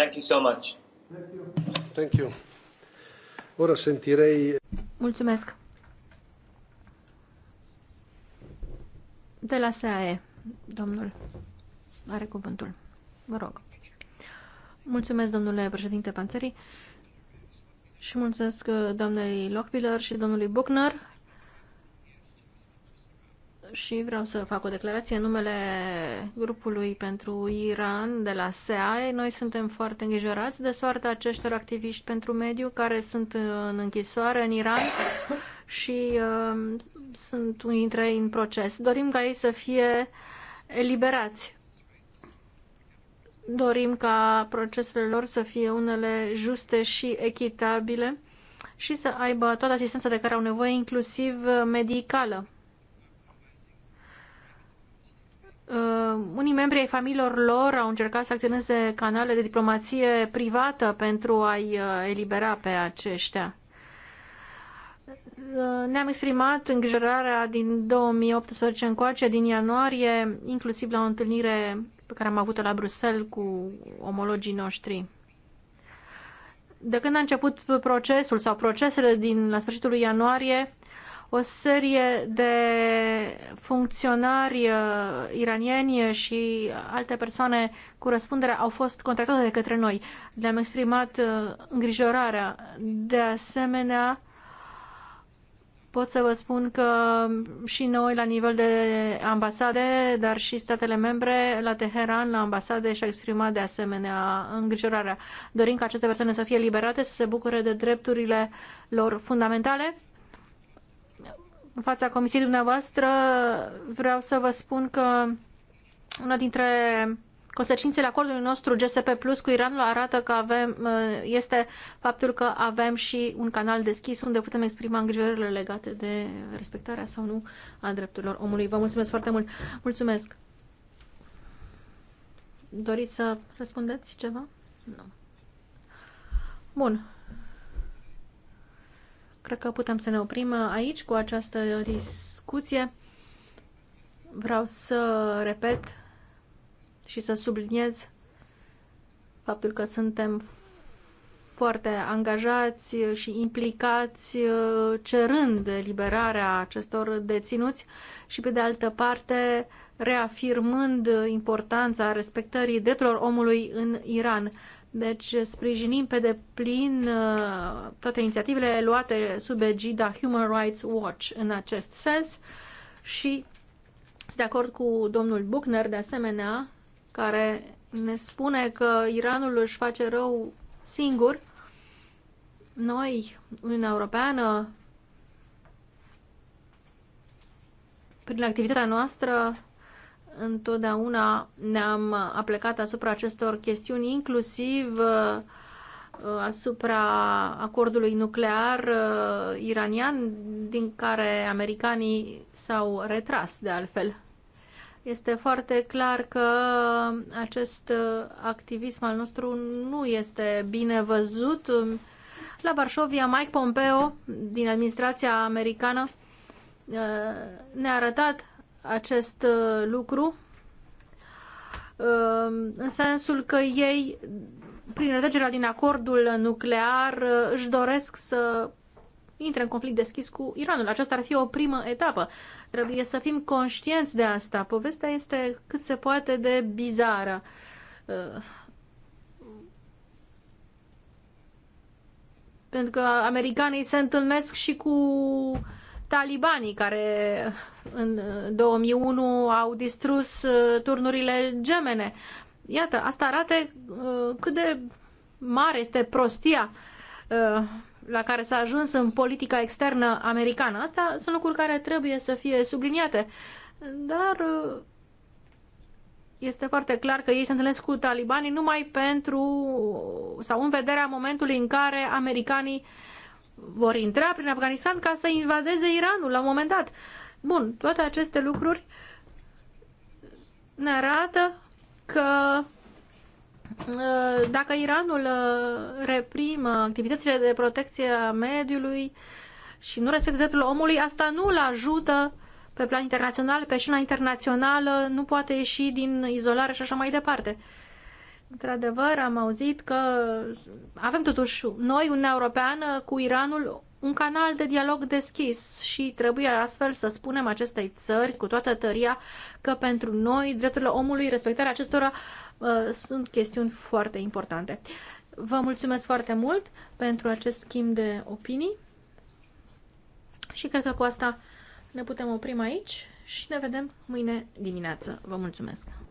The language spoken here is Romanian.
Thank you so much. Thank you. Ora sentirei... Mulțumesc. De la SAE, domnul, are cuvântul. Vă rog. Mulțumesc, domnule președinte Panțării și mulțumesc doamnei Lochbiller și domnului Buchner și vreau să fac o declarație în numele grupului pentru Iran de la SEAE. Noi suntem foarte îngrijorați de soarta acestor activiști pentru mediu care sunt în închisoare în Iran și uh, sunt unii dintre ei în proces. Dorim ca ei să fie eliberați. Dorim ca procesele lor să fie unele juste și echitabile și să aibă toată asistența de care au nevoie, inclusiv medicală. Uh, unii membri ai familiilor lor au încercat să acționeze canale de diplomație privată pentru a-i uh, elibera pe aceștia. Uh, ne-am exprimat îngrijorarea din 2018 încoace, din ianuarie, inclusiv la o întâlnire pe care am avut-o la Bruxelles cu omologii noștri. De când a început procesul sau procesele din la sfârșitul lui ianuarie, o serie de funcționari uh, iranieni și alte persoane cu răspundere au fost contactate de către noi. Le-am exprimat uh, îngrijorarea. De asemenea, pot să vă spun că și noi, la nivel de ambasade, dar și statele membre, la Teheran, la ambasade, și-a exprimat de asemenea îngrijorarea. Dorim ca aceste persoane să fie liberate, să se bucure de drepturile lor fundamentale în fața comisiei dumneavoastră, vreau să vă spun că una dintre consecințele acordului nostru GSP Plus cu Iranul arată că avem, este faptul că avem și un canal deschis unde putem exprima îngrijorările legate de respectarea sau nu a drepturilor omului. Vă mulțumesc foarte mult! Mulțumesc! Doriți să răspundeți ceva? Nu. Bun. Cred că putem să ne oprim aici cu această discuție. Vreau să repet și să subliniez faptul că suntem foarte angajați și implicați cerând liberarea acestor deținuți și pe de altă parte reafirmând importanța respectării drepturilor omului în Iran. Deci sprijinim pe deplin uh, toate inițiativele luate sub egida Human Rights Watch în acest sens și sunt de acord cu domnul Buchner de asemenea, care ne spune că Iranul își face rău singur. Noi, Uniunea Europeană, prin activitatea noastră întotdeauna ne-am uh, aplicat asupra acestor chestiuni, inclusiv uh, uh, asupra acordului nuclear iranian, din care americanii s-au retras, de altfel. Este foarte clar că acest activism al nostru nu este bine văzut. La Varșovia, Mike Pompeo, din administrația americană, ne-a arătat acest uh, lucru uh, în sensul că ei, prin retrăgerea din acordul nuclear, uh, își doresc să intre în conflict deschis cu Iranul. Aceasta ar fi o primă etapă. Trebuie să fim conștienți de asta. Povestea este cât se poate de bizară. Pentru că americanii se întâlnesc și cu talibanii care în 2001 au distrus uh, turnurile gemene. Iată, asta arată uh, cât de mare este prostia uh, la care s-a ajuns în politica externă americană. Asta sunt lucruri care trebuie să fie subliniate. Dar este foarte clar că ei se întâlnesc cu talibanii numai pentru sau în vederea momentului în care americanii uh, vor intra prin Afganistan ca să invadeze Iranul la un moment dat. Bun, toate aceste lucruri ne arată că uh, dacă Iranul uh, reprimă activitățile de protecție a mediului și nu respectă dreptul omului, asta nu îl ajută pe plan internațional, pe scena internațională, nu poate ieși din izolare și așa mai departe. Într-adevăr, am auzit că avem totuși noi, Uniunea Europeană, cu Iranul un canal de dialog deschis și trebuie astfel să spunem acestei țări cu toată tăria că pentru noi drepturile omului, respectarea acestora uh, sunt chestiuni foarte importante. Vă mulțumesc foarte mult pentru acest schimb de opinii și cred că cu asta ne putem opri aici și ne vedem mâine dimineață. Vă mulțumesc!